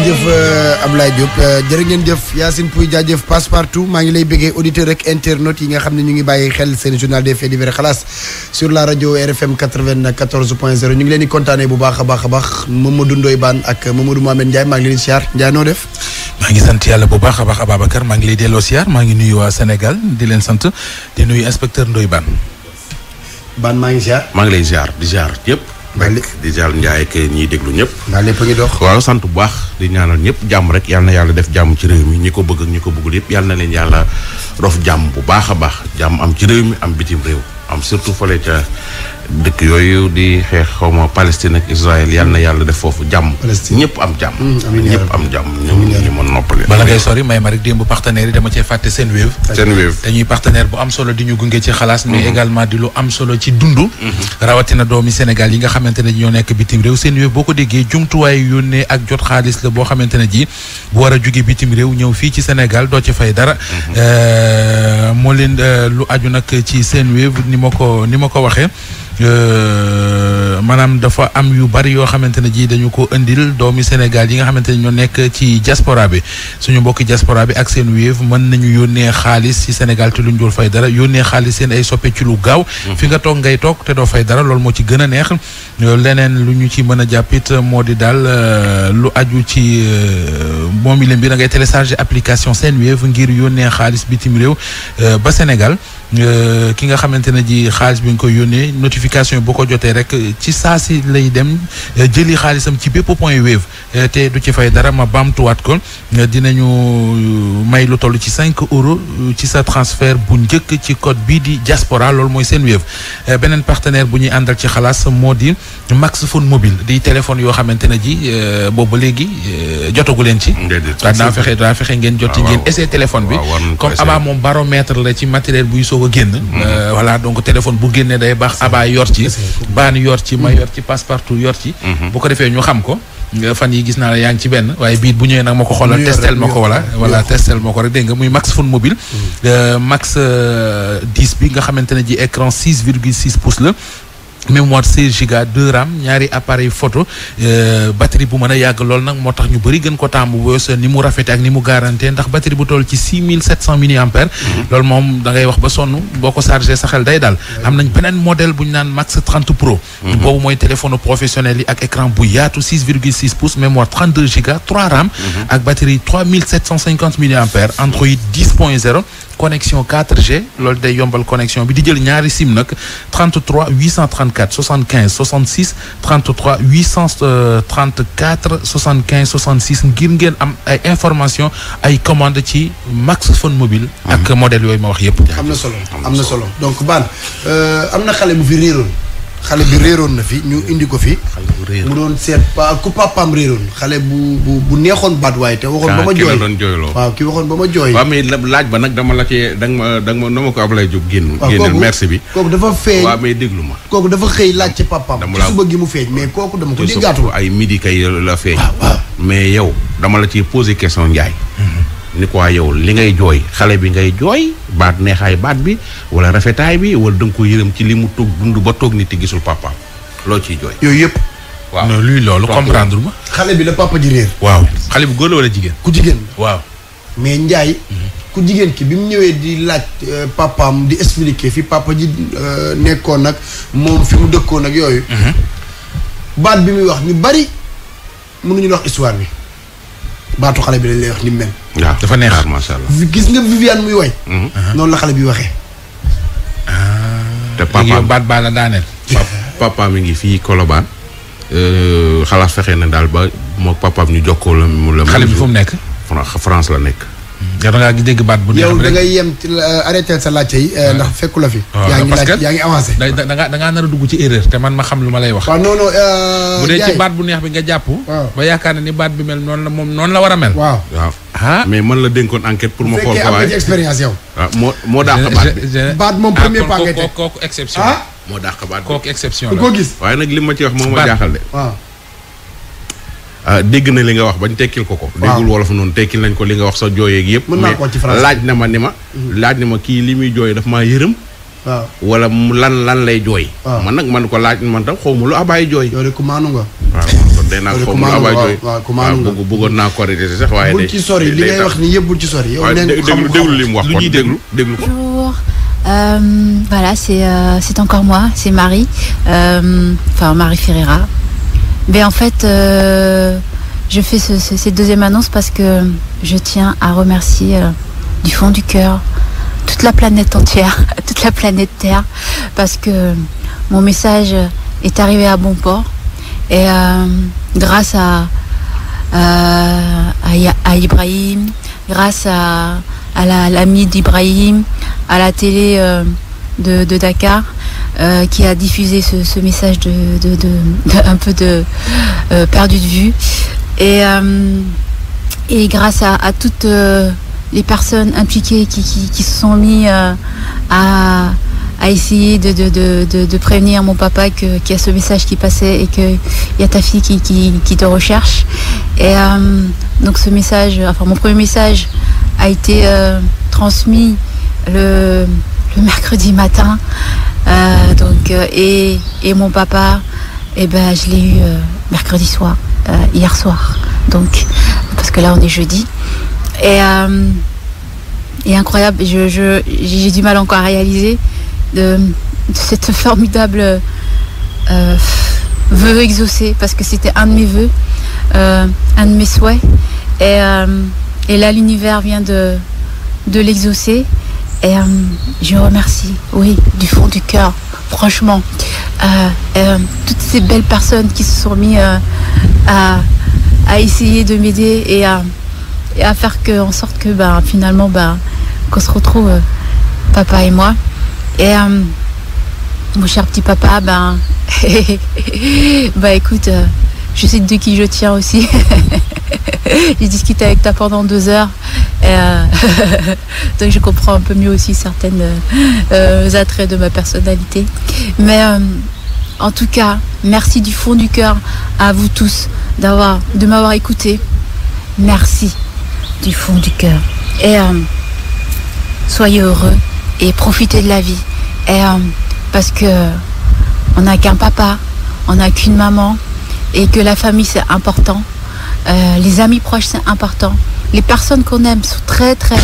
jaajëf euh, Ablaye Diop euh, jërë ngeen jëf Yacine Pouy jaajëf passe partout maa ngi lay bëggee auditeur rek internautes yi nga xam ne ñu ngi bàyyi xel seen journal des faits xalaas sur la rajo RFM 94 point 0 ñu ngi leen di kontaanee bu baax a baax a baax Mamadou Ndoye Bane ak Mamadou Mohamed Ndiaye maa ngi leen di siyaar noo def maa ngi sant yàlla bu baax a baax Ababacar maa ngi lay delloo siyaar maa ngi nuyu waa Sénégal di leen sant di nuyu inspecteur Ndoye Bane Bane maa ngi siyaar maa ngi lay siyaar di yëpp Malick di jàll Ndiaye ak ñiy déglu ñëpp. ndax lépp ngi dox. sant bu baax di ñaanal ñëpp jàmm rek yàlla yàlla def jàmm ci réew mi ñi ko bëgg ak ñi ko bëggul yëpp yal na leen yàlla rof jàmm bu baax a baax jàmm am ci réew mi am bitim réew am surtout fële ca dëkk yooyu di xeex xaw ma Palestine ak Israël yal na yàlla def foofu jàmm. Palestine ñëpp am jàmm. Mm, ñëpp am jàmm ñoom ñu mën noppale. bala ngay sori may ma rek démb partenaire yi dama cee fàtte seen wéew. seen wéew dañuy partenaire bu am solo di ñu gunge ci xalaas. mais mm-hmm. également di lu am solo ci dund. Mm-hmm. rawatina doomi Sénégal yi nga xamante ne ñoo nekk bitim réew seen wéew boo ko déggee jumtuwaay yónnee ak jot xaalis la boo xamante ne ji bu war a jóge bitim réew ñëw fii ci Sénégal doo ci fay dara. Mm-hmm. Euh, moo leen euh, lu aju nag ci seen wéew ni ma ko ni ma ko waxee Euh, maanaam dafa am yu bari yoo xamante ne ji dañu ko indil doomi Sénégal yi nga xamante ne ñoo nekk ci jaspora bi suñu mbokki jaspora bi ak seen Wave mën nañu yónnee xaalis ci Sénégal te luñ dul fay dara yónnee xaalis seen ay soppee ci lu gaaw mhm. fi nga toog ngay toog te doo fay dara loolu moo ci gën a neex leneen lu ñu ci mën a jàppit moo di daal euh, lu aju ci euh, moom i leen bi da ngay télécharger application seen Wave ngir yónnee xaalis bitim réew ba Sénégal Euh, ki nga xamante ne ji xaalis bi nga koy yónnee notification boo ko jotee rek ci saa si lay dem euh, jëli xaalisam ci bépp point wave euh, te du ci fay dara ma baamtuwaat ko dinañu may lu toll ci cinq euro ci sa transfert bu njëkk ci code bii di jaspora loolu mooy seen wave beneen partenaire bu ñuy àndal ci xalaas moo di Maxphone mobile di téléphone yoo xamante ne ji boobu léegi jotagu leen ci. déedéet daa fexe fexe ngeen jot ci ah, ngeen. essayé téléphone bi ah, comme abaa moom baromètre soog a génn mm-hmm. euh, voilà donc téléphone bu génnee day baax abaa yor ci baan yor ci ma mm-hmm. yor ci passe partout yor ci mm-hmm. bu ko defee ñu xam ko euh, fan yi gis naa la yaa ngi ci benn waaye biit bu ñëwee nag ma ko xoolal testel ma ko wala voilà testel ma ko rek dégg nga muy max phone mobile euh, max 10 bi nga xamante ne ji écran 6 virgule 6 pouces la mémoire 16 giga 2 RAM ñaari appareil photo euh, batterie bu mën yàgg lool nag moo tax ñu bari gën ko taamu bos ni mu rafete ak ni mu garanté ndax batterie bu toll ci 6700 mAh mhm. loolu moom da ngay wax ba sonn boo ko chargé sa xel day daal mhm. am nañ beneen model bu ñu naan Max 30 Pro mhm. boobu mooy téléphone professionnel yi ak écran bu yaatu 6 virgule 6 pouces mémoire 32 giga 3 RAM ak batterie 3750 mAh Android 10.0 connexion 4G loolu day yombal connexion bi di jël ñaari sim nag 33 834 75 66 33 834 75 66 ngir ngeen am ay information ay commande ci Max Phone mobile. ak mhm. modèle yooyu ma wax yépp am na solo am na solo donc baan euh, am na xale bu fi réeroon xale bi réeroon na fi ñu indi ko fi. mu doon seet pa ku papaam réeroon xale bu bu bu neexoon baat waaye te waxoon ba ma ah, jooy doon jooyloo ki waxoon ba ma jooy waaw mais laaj ba nag dama la cee da nga ma da nga ma na ma ko Ablaye Diop génn génneel merci bi kooku dafa feeñ déglu ma kooku dafa xëy laaj ci papaam ci suba gi mu feeñ mais kooku dama ko déggaatu ay midi kay la feeñ ah, mais yow dama la ci posé question Ndiaye mm-hmm. ni ko yow li ngay jooy xale bi ngay jooy baat neexaay baat bi wala rafetaay bi wala da nga ko yërëm ci li mu toog dund ba toog nit te gisul papaam loo ciy jooy yooyu yëpp waaw non luy loolu comprendre ma. xale bi la papa ji réer. waaw xale bu góor la wala jigéen. ku jigéen la waaw. mais Ndiaye. Mhm. ku jigéen ki bi mu ñëwee di laaj euh, papaam di expliquer fi papa ji euh, nekkoon nag moom fi mu dëkkoon ak yooyu. Mhm. baat bi muy wax ni bari mënuñu wax histoire bi baatu xale bi lañ lay wax ni mu mel. waaw dafa neex macha allah. gis nga Viviane muy woy mhm. noonu la xale bi waxee. Ah. te papaam baat baa la daaneel. papa mi ngi fii Colobane. Euh, xalaat fexe na daal ba moog papaam ñu jokkoo la mu la. xale bi fu mu nekk. France la nekk. yow da ngaa dégg baat bu yow da ngay yem ci euh, arrêté sa laajte yi euh, ndax fekku la fi. yaa ngi laaj yaa ngi avancé. da da da ngaa nar a dugg ci erreur te man ma xam lu ma lay wax. waaw non non. bu dee ci baat bu neex bi nga jàpp. ba yaakaar ne ni baat bi mel noonu la moom noonu la war a mel. waaw ah mais man la dénkoon enquête pour ma xool. bu fekkee am na ci expérience yow. Ah, moo moo daax baat bi. baat moom premier ah, pas nga teg kooku exception. Ah? moo dàq baat. kooku exception la ko gis. waaye nag li ma ci wax moom ma jaaxal de. waaw. Ah, dégg na li nga wax bañ tekkil ko ko. déggul wolof noonu tekkil nañ ko li nga wax sa jooyeeg yëpp. mën naa ko ci français laaj na ma ni ma. Mhm. laaj na ma kii li muy jooy dafa maa yërëm. waaw wala mu lan lan lay jooy. man nag man ko laaj man tam xaw ma lu abaay jooy. yow de ku maanu nga. waaw kon day naa xaw ma lu abaay jooy. waaw naa ko corriger sax waaye. day bul ci sori li ngay wax ni yëpp bul ci sori. yow li mu wax kon déglu déglu ko. Euh, voilà, euh, c'est encore moi, c'est Marie, euh, enfin Marie Ferreira. Mais en fait, je fais ce, ce, cette deuxième annonce parce que je tiens à remercier du fond du cœur toute la planète entière, toute la planète Terre, parce que mon message est arrivé à bon port. Et euh, grâce à, euh, à, à, Ibrahim, grâce à, à l'ami la, d'Ibrahim, à la télé euh, de, de, Dakar, euh, qui a diffusé ce, ce message de, de, de, un peu de euh, perdu de vue. Et, euh, et grâce à, à toutes euh, les personnes impliquées qui, qui, qui se sont mis euh, à à essayer de, de, de, de prévenir mon papa qu'il qu y a ce message qui passait et qu'il y a ta fille qui, qui, qui te recherche. Et euh, donc ce message, enfin mon premier message a été euh, transmis le, le, mercredi matin. Euh, donc, euh, et, et, mon papa, eh ben, je l'ai eu euh, mercredi soir, euh, hier soir. Donc, parce que là on est jeudi. Et, et incroyable, j'ai je, je, du mal encore à réaliser de, de cette formidable euh, vœu exaucé, parce que c'était un de mes vœux, euh, un de mes souhaits. Et, euh, et là, l'univers vient de, de l'exaucer. Et euh, je remercie, oui, du fond du cœur, franchement, euh, toutes ces belles personnes qui se sont mises à, à, essayer de m'aider et à, et à faire que, en sorte que bah, finalement, bah, qu'on se retrouve, papa et moi. Et euh, mon cher petit papa, ben, bah écoute, euh, je sais de qui je tiens aussi. J'ai discuté avec toi pendant deux heures. Euh, donc je comprends un peu mieux aussi certaines euh, attraits de ma personnalité. Mais euh, en tout cas, merci du fond du cœur à vous tous d'avoir, de m'avoir écouté. Merci du fond du cœur. Et euh, soyez heureux et profitez de la vie. Et, euh, parce que on n'a qu'un papa, on n'a qu'une maman, et que la famille c'est important, euh, les amis proches c'est important, les personnes qu'on aime sont très très.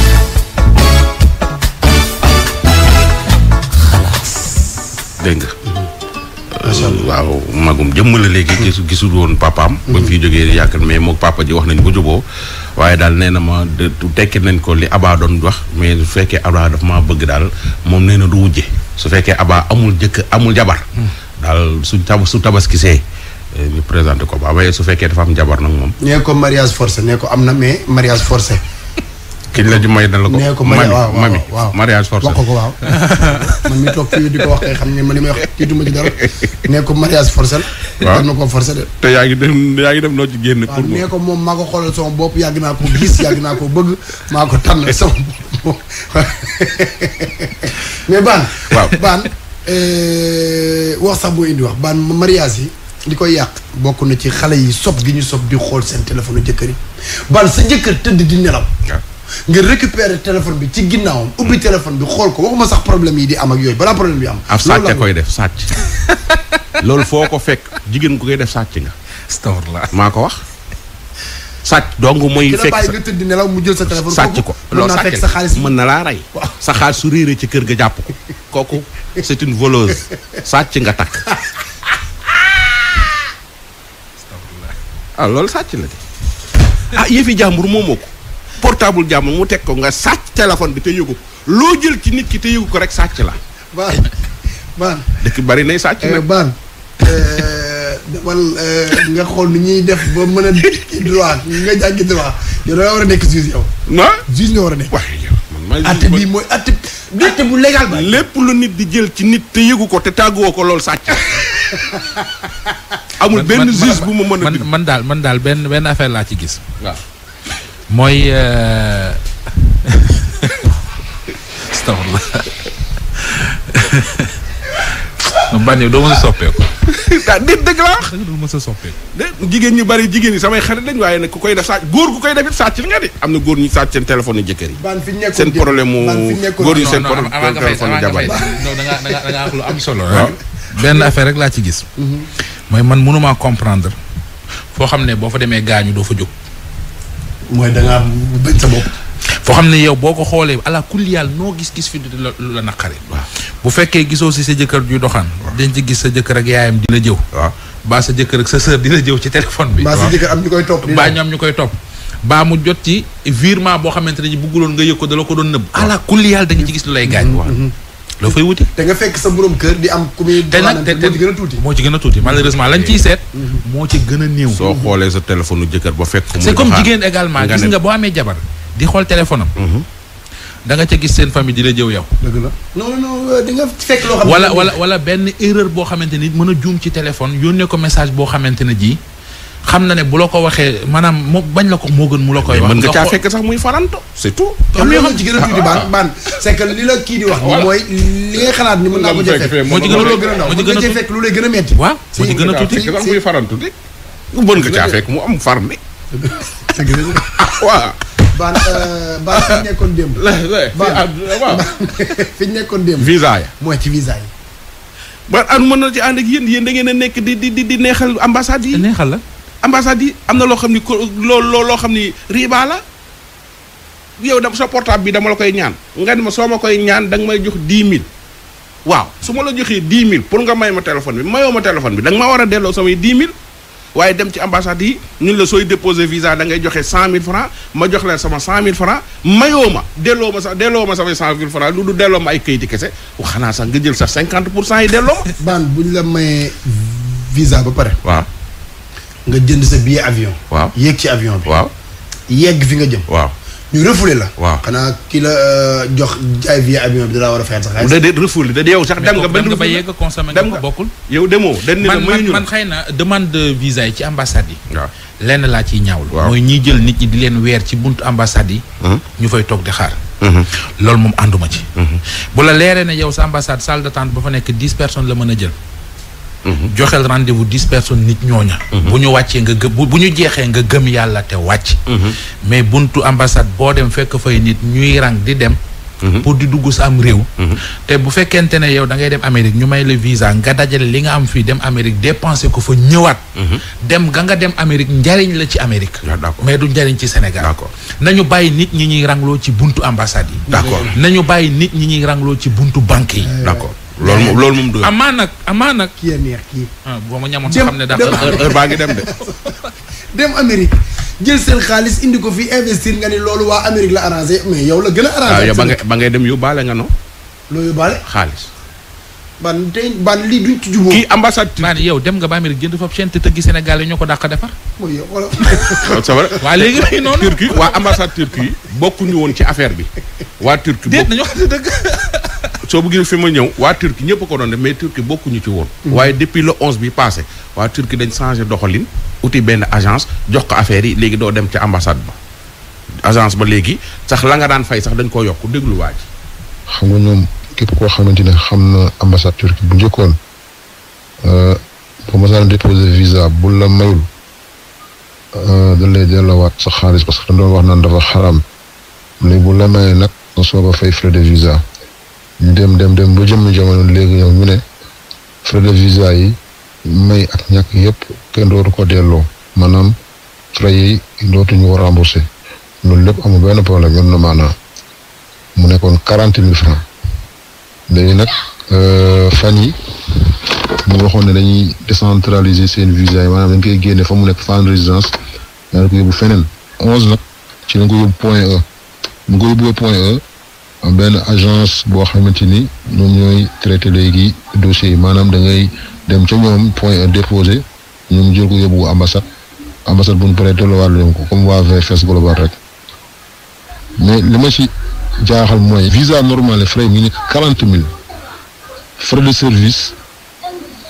Euh, magum jëmm léegi. gisu gisul woon papaam. Mm-hmm. ba fii jógee yàgg mais moog papa ji wax nañ ba juboo waaye daal nee na ma tekki nañ ko li abaa doon wax mais su fekkee abaa daf maa bëgg daal moom nee na du wujje su fekkee abaa amul jëkk amul jabar hmm. daal su tab su tabaskisee eh, ñu présenté ko ba waaye su fekkee dafa am jabar nag moom nee ko mariage forcé nee ko am na mais forcé kiñ la ju may dal ko nee ko mami mami mariage forcé wax ko ko waaw man mi toog wax kay xam ne man li may wax tiituma ci dara nee ko mariage forcé na ko forcé de te yaa ngi dem yaa dem noo ci génn pour nee ko moom maa ko xoolal sama bopp yàgg naa ko gis yàgg naa koo bëgg maa ko tànn sama mais baan waaw baan euh, wax sax boo indi wax baan mariage yi di koy yàq bokk na ci xale yi sob gi ñu sob di xool seen téléphone jëkkër yi baan sa jëkkër tëdd di nelaw nga récupérer téléphone bi ci ginnaawam ubbi téléphone bi xool ko waxuma sax problème yi di am ak yooyu balaa problème bi am ab sàcc koy def sàcc loolu foo ko fekk jigéen ku koy def sàcc nga maa ko wax sàcc donc mooy fekk sa nelaw mu jël sa téléphone sàcc ko loolu sàcc sa xaalis mën na laa rey sa xaalis su réeree ci kër ga jàpp ko kooku c'est une voleuse sàcc nga takk ah sàcc la de ah yëfi jàmbur moomoo ko jàmbur mu teg ko nga sàcc téléphone bi te yëgu loo jël ci nit ki te yëgu ko rek sàcc la baan bari nay sàcc nag eh, baan eh, wala euh, nga xool ni ñuy def ba mën a droit nga jàngi droit a nekk juge bii mooy atte. atte bu légal lépp lu nit di jël ci nit te yëgu ko te tàgguwoo ko loolu sàcc. amul benn juge bu ma mën a. man daal man daal benn benn affaire laa ci gis. waaw mooy. Euh, astaghfirullah. man doo mën a soppeeku. ah déet dëgg la sa soppeeku. jigéen ñu bari jigéen ñi samay xarit lañ waaye nag ku koy def sàcc góor ku koy def it sàcc nga di. am na góor ñu sàcc seen téléphone yu jëkkër yi. ban fi ñu nekkoon seen problème mu góor ñu seen problème téléphone yu jabar yi. solo. waaw benn affaire rek laa ci gis. mooy man mënumaa comprendre. foo xam ne boo fa demee gaañu doo fa jóg. mooy da ngaa sa bopp foo xam ne yow boo ko xoolee ala kulli yàlla noo gis-gis fi la la naqari. bu fekkee gisoo si sa jëkkër juy doxaan. dañ ci gis sa jëkkër ak yaayam dina jëw. baa sa jëkkër ak sa sœur dina jëw ci téléphone bi. baa sa am ñu koy topp baa ñu koy topp. baa mu jot ci virement boo xamante ne bugguloon nga yëg ko dala ko doon nëbb. ala kulli yàlla da ci gis lu lay gaañ. Mm-hmm. Mm-hmm. loo fay wuti. te nga fekk sa borom kër di am ku muy. te te moo ci gën a tuuti. moo ci malheureusement lañ ciy seet. Mm-hmm. moo ci gën a néew. soo xoolee sa téléphone fekk. c'est comme jigéen également gis nga boo amee jabar di xool téléphone am. Mhm. da nga ca gis seen famille di la jëw yow. dëgg la non non euh, nga fekk loo wala wala wala benn erreur boo xamante ni mën a juum ci téléphone yónnee ko message boo xamante ne ji xam na ne bu la ko waxee maanaam moo bañ la ko moo gën mu la koy wax. mën nga sax muy faranto c'est tout. am na yoo xam ci gën a tuuti ah, ah. baan li la kii di wax. Ah, voilà mooy li ngay mën naa ko cee fekk. moo ci gën a moo ci gën a tuuti fekk lu lay gën a metti. waaw moo ci gën a tuuti si si muy farantu de. mën nga caa fekk mu am far ne. baan euh, baan fi ñu nekkoon démb. baan fi ñu nekkoon démb. visa ya mooy ci visa yi. ba an mën na ci ànd ak yéen yéen ngeen a nekk di di di neexal ambassade yi. neexal la ambassade yi am na loo xam ni loo loo loo xam ni riba la. yow da sa portable bi dama la koy ñaan nga ne ma soo ma koy ñaan da may jox dix waaw su ma la joxee dix mille pour nga may ma téléphone bi mayoo ma téléphone bi da ma war a delloo samay dix mille waaye dem ci ambassade yi ñun la sooy déposer visa da ngay joxe cent mille francs ma jox leen sama cent mille francs mayoo ma delloo ma sax delloo ma samay cent mille francs lu du delloo ma ay kayiti kese wax xanaa sax nga jël sax cinquante pour cent yi delloo ma. baan bu ñu la mayee visa ba pare. waaw. nga jënd sa billet avion. waaw yéeg ci avion bi. waaw yegg fi nga jëm. waaw. ñu refoulé la. waaw xanaa ki la euh, jox jaay vie avion bi da war a fayal sax. déedéet da yow sax dem nga ba. dem ba yegg consommé nga ko bokkul. yow demoo dañ man man na demande de visa yi ci ambassade yi. lenn laa ciy ñaawlu. mooy ñiy jël nit ñi di leen weer ci buntu ambassade yi. ñu fay toog di xaar. loolu moom ànduma ci. bu la leeree ne yow sa ambassade salle d'attente ba fa nekk dix personnes la mën a jël. joxel rendez-vous dix personnes nit ñooña mhm. bu ñu wàccee nga gëm bu ñu jeexee nga gëm yàlla te wàcc mhm. mais buntu ambassade boo dem fekk fay nit ñuy rang di dem mhm. pour di dugg sa am réew te bu fekkente ne yow da ngay dem Amérique ñu may la visa nga dajale li nga am fi dem Amérique dépenser ko fa ñëwaat dem ga nga dem Amérique njariñ la ci Amérique ah, mais du njariñ ci Sénégal na ñu bàyyi nit ñi ñuy rangloo ci buntu ambassade yi na nañu bàyyi nit ñi ñuy rangloo ci buntu banque yi d'accord loolu moom loolu moom du. amaa nag amaa nag. Ah, boo ma ñamoon xam ne heure baa ngi dem de. dem Amérique jël seen xaalis indi ko fi investir nga ni loolu waa Amérique la arangé mais yow la gën a. arrangé ah, ba ngay ba ngay dem yóbbaale nga no loo yóbbaale xaalis. ban tey ban lii duñ ci jubóo. kii ambassade. maanaam yow dem nga ba Amérique jënd foofu chaîne te tëggi Sénégal ñoo ko dàq defar. mooy yow wala. c'est waa léegi fii noonu. Turquie waa ambassade Turquie bokkuñu woon ci affaire bi. waa Turquie bokk déet xam ne dëgg. soo bëggee fi ma ñëw waa Turquie ñëpp ko doon def mais Turquie bokkuñu ci woon. Mm-hmm. waaye depuis le onze bi passé waa Turquie dañ changé doxalin uti benn agence jox ko affaire yi léegi doo dem ci ambassade ba agence ba léegi sax la nga daan fay sax dañ ko yokk déglu xam nga ñoom képp koo xamante ne xam na ambassade Turquie bu njëkkoon pour euh, mosaan déposer visa bu la mayul euh, dañ lay delloowaat sa xaalis parce que dañ doon wax naan dafa xaram léegi bu la mayee nag nga soog a fay frais de visa. ñu dem dem dem ba jëmm jamono léegi ñoom ñu ne frais de visa yi may ak ñàkk yëpp kenn dootu ko delloo maanaam frais yi dootuñu ko remboursé loolu lépp amul benn problème yoon na maanaam mu nekkoon quarante mille francs léegi nag euh, fan yi mu waxoon ne dañuy décentraliser seen visa yi maanaam dañ koy génne fa mu nekk fan résidence dañ ko yóbbu feneen onze nag ci lañ ko yóbbu point E mu ko yóbbu point E benn agence boo xamante ni moom ñooy traité léegi dossier yi maanaam da ngay dem ca ñoom point e déposé ñoom jur ko yóbbu ambassade ambassade bu ñu paree tolluwaat leen ko comme waa VFS global rek mais li ma ci jaaxal mooy visa normal yi frais mi nekk quarante mille frais de service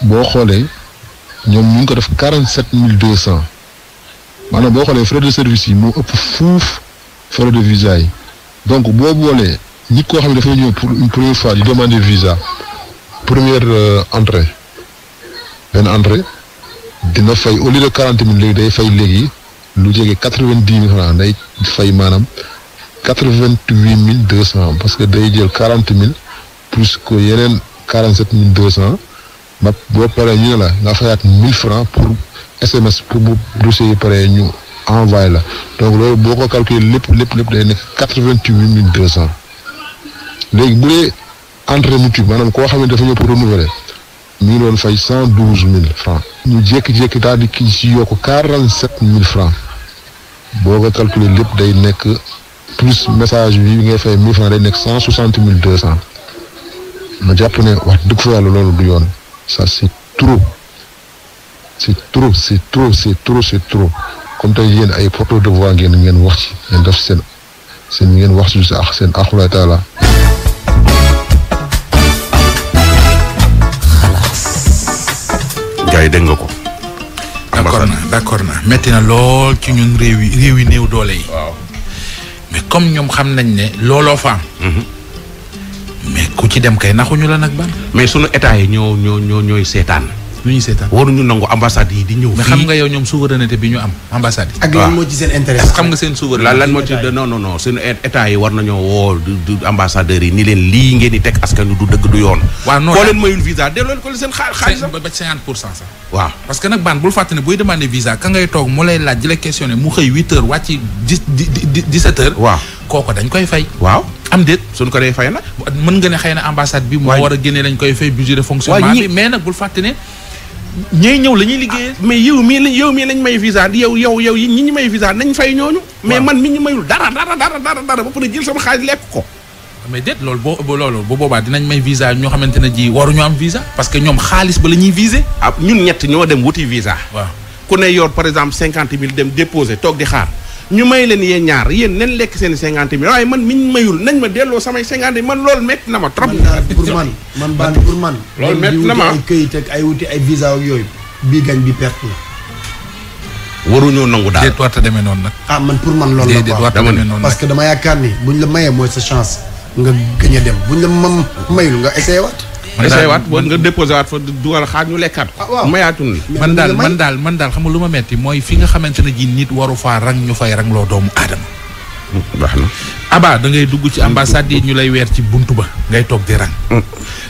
boo xoolee ñoom ñu ngi ko def quarante sept mille deux cent maanaam boo xoolee frais de service yi moo ëpp fuuf frais de visa yi donc boo boolee nit koo xam ne dafay ñëw pour une première fois di demander visa première euh, entrée benn entrée dina fay au lieu de quarante mille léegi day fay léegi lu jege quatre vingt dix mille francs day fay maanaam quatre vingt huit mille deux cent parce que day jël quarante mille plus que yeneen quarante sept mille deux cent ba boo paree ñu ne la nga fayaat mille francs pour SMS pour bu dossier yi paree ñu envoyé la donc loolu boo ko calculé lépp lépp lépp day nekk quatre vingt huit mille deux cent léegi bu dee entrée mutuelle maanaam koo xam dafa ñëw pour renouveler mi ngi doon fay cent douze mille franc. ñu jékki-jékki daal di kii ci yokk quarante sept mille franc boo ko calculer lépp day nekk plus message bi ngay fay mille franc day nekk cent soixante mille deux ma jàpp ne wax dëgg fa yàlla loolu du yoon ça c'est trop c'est trop c'est trop c'est trop c'est trop comme tey yéen ay porte de voix ngeen ngeen wax ci ngeen def seen seen ngeen wax ci sa seen axulaay taala yi dégg nga ko. ambassade d' accord na métti na lool ci ñun réew yi réew yi néew doole yi. waaw mais comme ñoom xam nañ ne looloo fa mhm. mais ku ci dem kay naxuñu la nag ban. mais sunu état yi ñoo ñoo ñoo ñooy seetaan. lu ñuy nangu ambassade yi di ñëw mais xam nga yow ñoom souveraineté bi ñu am ambassade yi ak lan moo ci seen intérêt xam nga seen souveraineté lan moo ci non seen état yi waaw non koo leen mayul visa delloo leen ko seen xaalis ba ba cinquante pour cent sax waaw parce que nag baan bul fàttali ne buy demandé visa ka ngay toog mu lay laaj la questionné mu xëy huit heures dix dix waaw kooko dañ koy fay waaw am déet suñ ko dee fay nag mën a ñooy ñëw la ñuy liggéeyee. Ah. mais yow mii lañ yow mii lañ may visa yow yow yow ñi ñu may visa nañ fay ñooñu. mais man mi ñu mayul dara dara dara dara dara ba pare jël sama xaalis lekk ko. mais déet lool boo loolu bu boobaa dinañ may visa ñoo xamante ne ji waruñu am visa. parce que ñoom xaalis ba la ñuy visé. ah ñun ñett ñoo dem wuti visa. waaw ku ne yor par exemple cinquante mille dem déposé toog di xaar. ñu may leen yee ñaar yéen nañ lekk seen cinquante mille waaye man miñ mayul nañ ma delloo samay cinquante man loolu métti na ma trop. man daal pour man man baal pour man. lool métti na ma ay këyit ak ay wuti ay bii gañ bi perte la. waruñoo nangu daal déet warta demee noonu nag. ah man pour man loolu la quoi dama ne parce que dama yaakaar ni buñ la mayee mooy sa chance nga gëñ a dem buñ la mam mayul nga essayé waat. essayé waat boo nga déposé waat fa dugal xaar ñu lekkaat ko ah, mayaatun la man daal man daal man daal xam nga lu ma metti mooy fi nga xamante ne ji nit waru fa rang ñu fay rang loo doomu aadama baax na Aba da ngay dugg ci ambassade yi ñu lay weer ci bunt ba ngay toog di rang. Mm.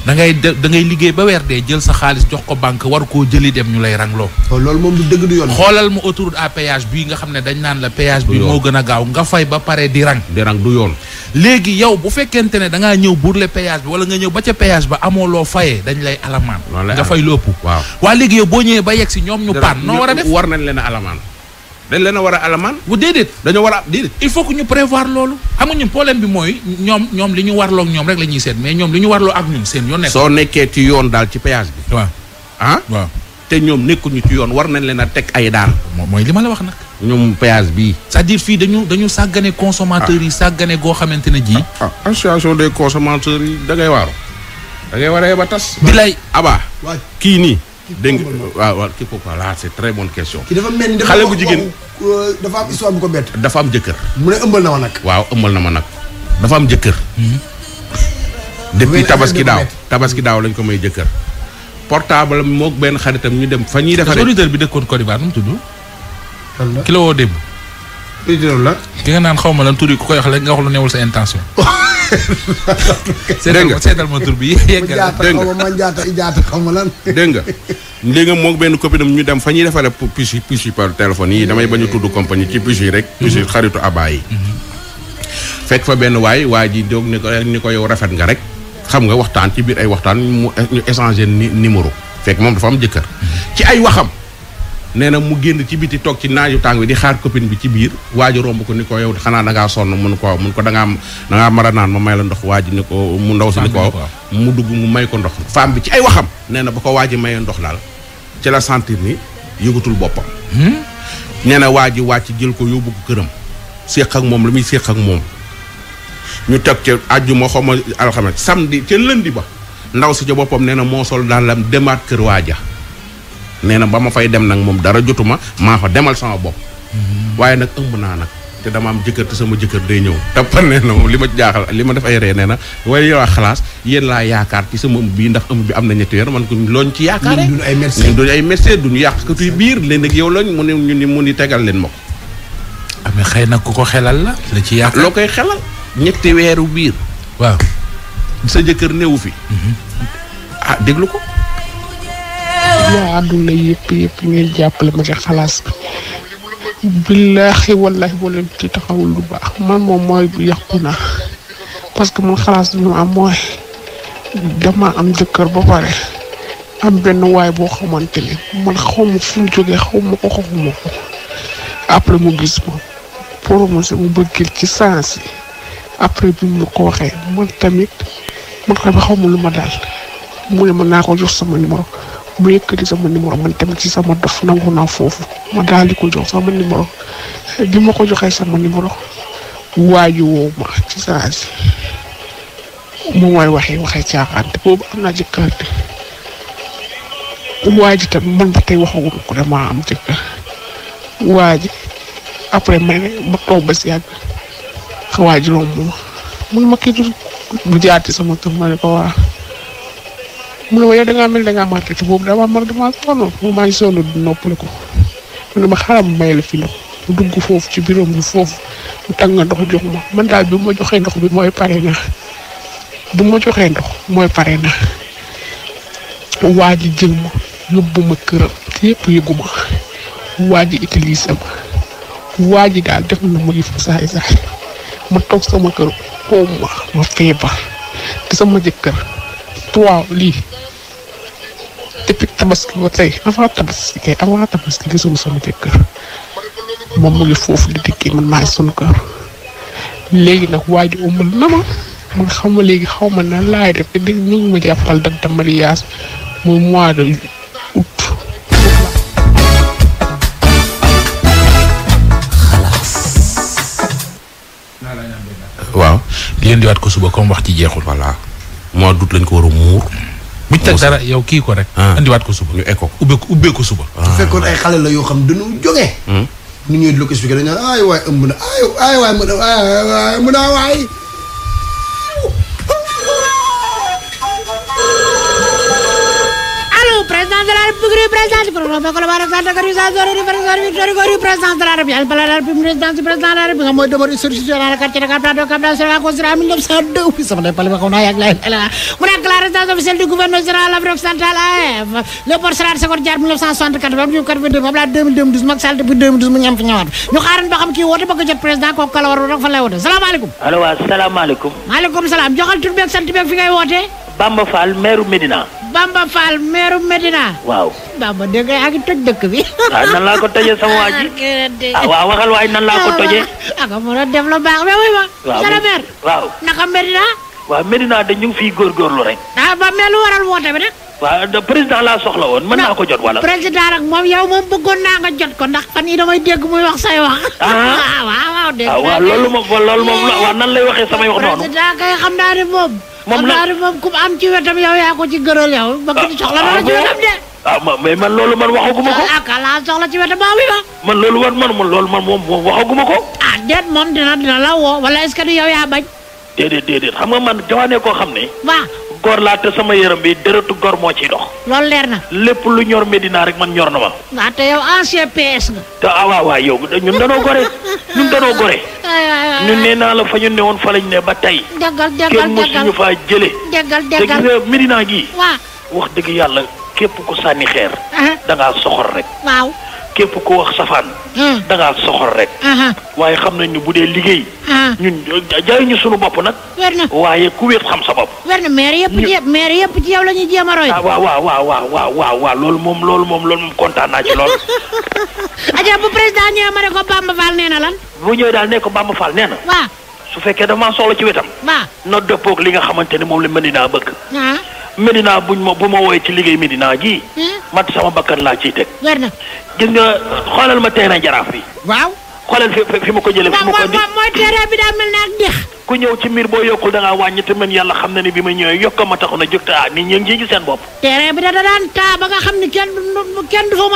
da ngay da ngay liggéey ba weer dee jël sa xaalis jox ko banque war koo jëli dem ñu lay rangloo. Oh, loolu moom du dëgg du yoon. xoolal mu autoroute à péage bi nga xam ne dañ naan la péage bi moo gën a gaaw nga fay ba pare di rang. di rang du yoon. léegi yow bu fekkente ne da ngaa ñëw burle péage bi wala nga ñëw ba ca péage ba amoo loo fayee dañ lay alamaan. nga fay lu ëpp. waaw waa léegi boo ñëwee ba yegg si ñoom ñu paan. noo war a war nañ leen a dañ leen a war a alamaan bu déedéet dañoo war il faut que ñu prévoir loolu xam nga ñun bi mooy ñoom ñoom li ñu warloo ñoom rek la ñuy seet mais ñoom li ñu warloo ak ñun seen yoon nekk soo nekkee ci yoon daal ci péage bi waaw ah waaw te ñoom nekkuñu ci yoon war nañ leen a teg ay daan mooy li ma la wax nag ñoom péage bii c'est-à-dire fii dañu dañu sàggane consommateurs yi ah. sàggane goo xamante ne jii ah, ah, association des consommateurs yi da ngay waaru da ngay waree ba tas lay abaa kii nii dégg nga waaw waaw kii pourquoi là c'est très dafa mel ni dafa xale bu jigéen dafa am histoire bu ko bett. dafa am jëkkër. mu ne ëmbal na ma nag. waaw ëmbal na ma nag dafa am jëkkër. Hmm. depuis tabaski daaw tabaski daaw lañ ko may jëkkër. portable am moog benn xaritam ñu dem fa ñuy defaree. auditeur bi dëkkoon Côte d'Ivoire nu mu tudd. allo la woo démb. auditeur la. ki nga naan xaw ma lan tur yi ku koy wax rek nga wax lu newul sa intention. dégg nga seetal ma tur bi yeggal dégg nga man jaata ijaata xaw ma lan. dégg nga léegi moom benn copinam ñu dem fa ñuy defaree puce yi puce yi par téléphone yi damay bañ a tudd compagnie ci puce yi rek. puce yi mm-hmm. xaritu abaa yi. Mm-hmm. fekk fa benn waay waa ji doog ni ko ni ko rafet nga rek xam nga waxtaan ci biir ay waxtaan mu eh, ñu échanger ni numéro. fekk moom dafa am jëkkër. Mm-hmm. ci ay waxam. nee na mu génn ci biti toog ci naaju tàng bi di xaar copine bi ci biir waa ji romb ko ni ko yow xanaa da ngaa sonn mun ko mun ko danga ngaa da mar naan ma may la ndox waa ji ni ko mu ndaw si ni ko mu dugg mu may ko ndox femme bi ci ay waxam nee na ba ko waa ji mayee ndox daal ci la sentir ni yëgatul boppam hmm? nee na waa ji wàcc jël ko yóbbu ko këram séq ak moom la muy séq ak moom ñu teg ca àjjuma xaw ma alxames samedi ca lëndi ba ndaw si ca boppam nee na moo sol daal lam demaat kër waaja nee na ba ma fay dem nag moom dara jotuma maa fa demal sama bopp mm-hmm. waaye nag ëmb naa nag te dama am jëkkër te sama jëkkër day ñëw tappa nee na moom li ma jaaxal li ma def ay ree nee na waaye yow xalaas yéen laa yaakaar ci sama ëmb bii ndax ëmb bi am na ñetti weer man ko looñ ci yaakaare ñun duñu ay mercé duñu yàqkatuy biir léegi nag yow looñ mu ne ñu ni mu ni tegal leen ma ko amee ah, xëy na ku ko xelal la la ci yaakaar loo koy xelal ñetti weeru biir waaw sa jëkkër néewu fi mm-hmm. ah déglu ko waa àdduna yëpp yëpp ngeen jàppale ma ci xalaas bi billaahi wallaahi boo leen ci taxawul lu baax man moom mooy yàqu naa parce que man xalaas bi ma am jëkkër ba benn waay boo xamante mu gis ma promosé mu bëggil ci sens yi après bi mu ko waxee man tamit man tamit xaw ma lu ma daal mu ne ma naa ko jox sama numéro bu mu yëkkati sama numéro man tamit ci sama dof nangu naa foofu ma daal di ko jox sama numéro bi ma ko joxee sama waaju woo ma ci saa si moom mooy waxee waxee caaxaan boobu am naa jëkkër waa ji tam man ba tey waxagum ko damaa am ji après ma ne ma toog ba si yàgg ma man ma kii du jaati sama tur ma ne ko waa. mu ne ma yow da ngaa mel da ngaa màtt ci boobu dama mar dama sonn mu maa ngi sonn noppali ko mu ma xaram may la fi dugg foofu ci biiram bi foofu mu tàng ndox jox ma man daal bi ma joxee ndox bi mooy pare na ma joxee ndox mooy pare na waa ji jël ma yóbbu ma yëpp yëgu ma ji utilisé ma waa ji daal ma yëfu saay ma toog sama kër feebar te sama jëkkër tuwaaw lii depuis tabaski ba tey avant tabaski kay avant tabaski gisuma sama jëkkër moom mu ngi foofu di dikki man maa sunu kër léegi nag waa ji na ma man nga léegi xaw ma nan laay def te dégg ñu ngi ma jàppal date de muy mois de août. waaw di leen ko suba comme wax ci jeexul. voilà mois d'août lañ ko war muur. buñ teg dara yow kii ko rek. Ah. andiwaat ko suba. ñu ekko ubbee ko ubbee ko suba. Ah. su fekkoon ay xale la yoo xam dañoo jógee. Hmm. nu ñuy di la ko expliqué dañu naan ay waay na ay waay mën a waay a représente représenté naa yàgg lay la du gouverneur général Afrique centrale AF le port Sédar Senghor Diatta 1964 ba 1982 ba 2012 Macky Sall depuis 2012 ñam fi ñëwaat xaaran ba xam kii woote bëgg jot président kooku kala rek fa lay woote salaamaaleykum allo waaw salaam joxal tur beeg sant fi ngay wootee Bamba Fall maire Médina Bamba Fall meeru Medina. waaw. Bamba dégg nga yaa ngi toj dëkk bi. ah nan laa ko tojee sama waa ji. Ah, ah waaw waxal waay nan laa ko tojee. ah nga mën a def lu baax mais wuy ma. waaw sara meer. waaw naka Medina. waaw Medina de ñu ngi fiy góorgóorlu rek. ah ba mel lu waral woote bi nag. waaw président laa soxla woon mën naa ko jot wala. président rek moom yow moom bëggoon naa nga jot ko ndax fan yii damay dégg muy wax say wax. ah, ah waaw waaw dégg ah, naa. ah waaw loolu moom loolu moom eh, waaw nan lay waxee samay wax noonu. président kay xam naa ne moom. moom la moom ku am ci wetam yow yaa ko ci gëral yow. ah ah bëgg soxla dara ci ah, wetam de. Ah, ah, loolu man waxaguma ko. ah ci wetam wi ma. man loolu man man loolu man moom waxaguma ko. ah déet moom dina dina la woo wala est-ce du yow yaa bañ. déedéet déedéet xam nga man jawaane koo xam ne. waaw. góor laa te sama yaram bi dërëtu gor moo ciy dox. loolu leer na. lépp lu ñor Medina rek man ñor na ma. waaw te yow ancien PS nga. te ah waaw waaw yow ñun danoo gore ñun danoo gore. ñun nee naa la fa ñu ne woon fa lañ ne ba tey. dëggal dëggal kenn mësuñu faa jëlee. dëggal te gis Medina gii. waaw wax dëgg yàlla képp ku sànni xeer. da soxor rek. képp ko wax safaan. Hmm. da ngaa soxor rek. Hmm. waaye xam nañ bu dee liggéey. Hmm. ñun jaayuñu sunu bopp nag. weer na waaye ku wéet xam sa bopp. weer na maire yëpp ci ci yow la ñuy a roy. ah waaw waaw waaw waaw waaw loolu moom loolu moom loolu moom kontaan ci lool. Adja bu président ñëwee ma ne ko Bamba Fall nee na lan. bu ñëwee daal ne ko Bamba Fall nee na. waaw su fekkee damaa soxla ci wetam. waaw na dëppoog li nga xamante ne moom la Medina bëgg. Ah. Medina buñ ma bu ma woowee ci liggéey Medina gii. man sama bakkan laa ciy teg. weer na gis nga xoolal ma terrain jaraaf bi. waaw xoolal fi fi ma ko jëlee. fi ma ko indi mooy terrain bi daa mel ne ak dex. ku ñëw ci mbir boo yokkul da ngaa wàññi te man yàlla xam na ne bi ma ñëwee yokk ma taxu na jóg te ah nit ñi ngi seen bopp. terrain bi da daan taa ba nga xam ne kenn du kenn du a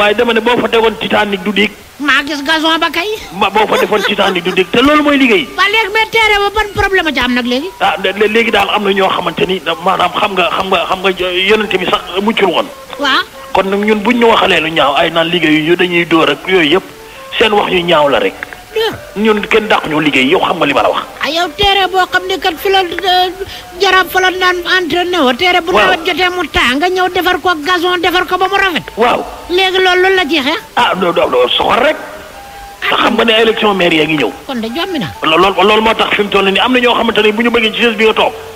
waaye dama ne boo fa tegoon Titanic du dig. maa gis gazon ba kay. ma boo fa defoon ci taan du dégg te loolu mooy liggéey. ba léegi mais teere ba ban problème ci am nag léegi. ah léegi daal am na ñoo xamante ni maanaam xam nga xam nga xam nga yonent bi sax muccul woon. waaw kon nag ñun bu ñu waxalee lu ñaaw ay naan liggéey yu dañuy dóor rek yooyu yëpp seen wax yu ñaaw la rek. ñun kenn dàq ñu liggéey yow xam nga li ma wax. ah yow teere boo xam ne kat fi la euh, jaraaf fa la daan entraîné woo. teere bu nawet jotee mu taa nga ñëw defar ko gazon defar ko ba mu rafet. waaw léegi loolu loolu la jeexee. ah non non soxor rek. te ah, xam nga ne élection maire yaa ngi ñëw. kon de jommi na. loolu loolu moo tax fi mu toll nii am na ñoo xamante ne bu ñu bëggee ci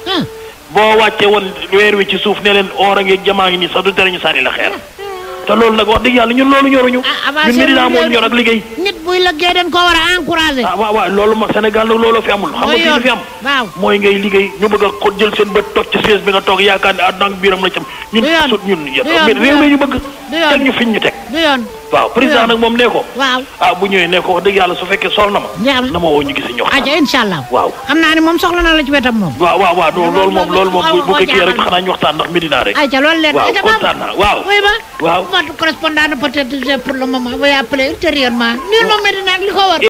ah. boo wàccee woon weer wi suuf ne leen or a ngi jamaa ngi nii sax du tere ñu sànni la xeer. Ah. te loolu nag wax dëgg yàlla ñun loolu ñoruñu. ah avancé ah, ñun Medina moo ñor ak liggéey. nit buy liggéey dañ ko war a encouragé. ah waaw loolu mag Sénégal nag looloo fi amul. xam nga fii fi am. mooy ngay liggéey ñu bëgg a ko jël seen bët toog ci siège bi nga toog yaakaar ne àdduna ak biiram la cam. ñun sut ñun. du yoon réew ñu bëgg. ñu teg. du yoon waaw président nag moom nee ko. waaw ah bu ñëwee nee ko wax dëgg yàlla su fekkee soxla na ma. jaal na ma woo ñu gis ñoo xam. aja incha allah waaw. xam naa ne moom soxla na la ci wetam moom. waaw waaw waaw loolu waaw waaw. oui correspondant peut-être pour le moment vous appeler ultérieurement. moom Medina li ko war.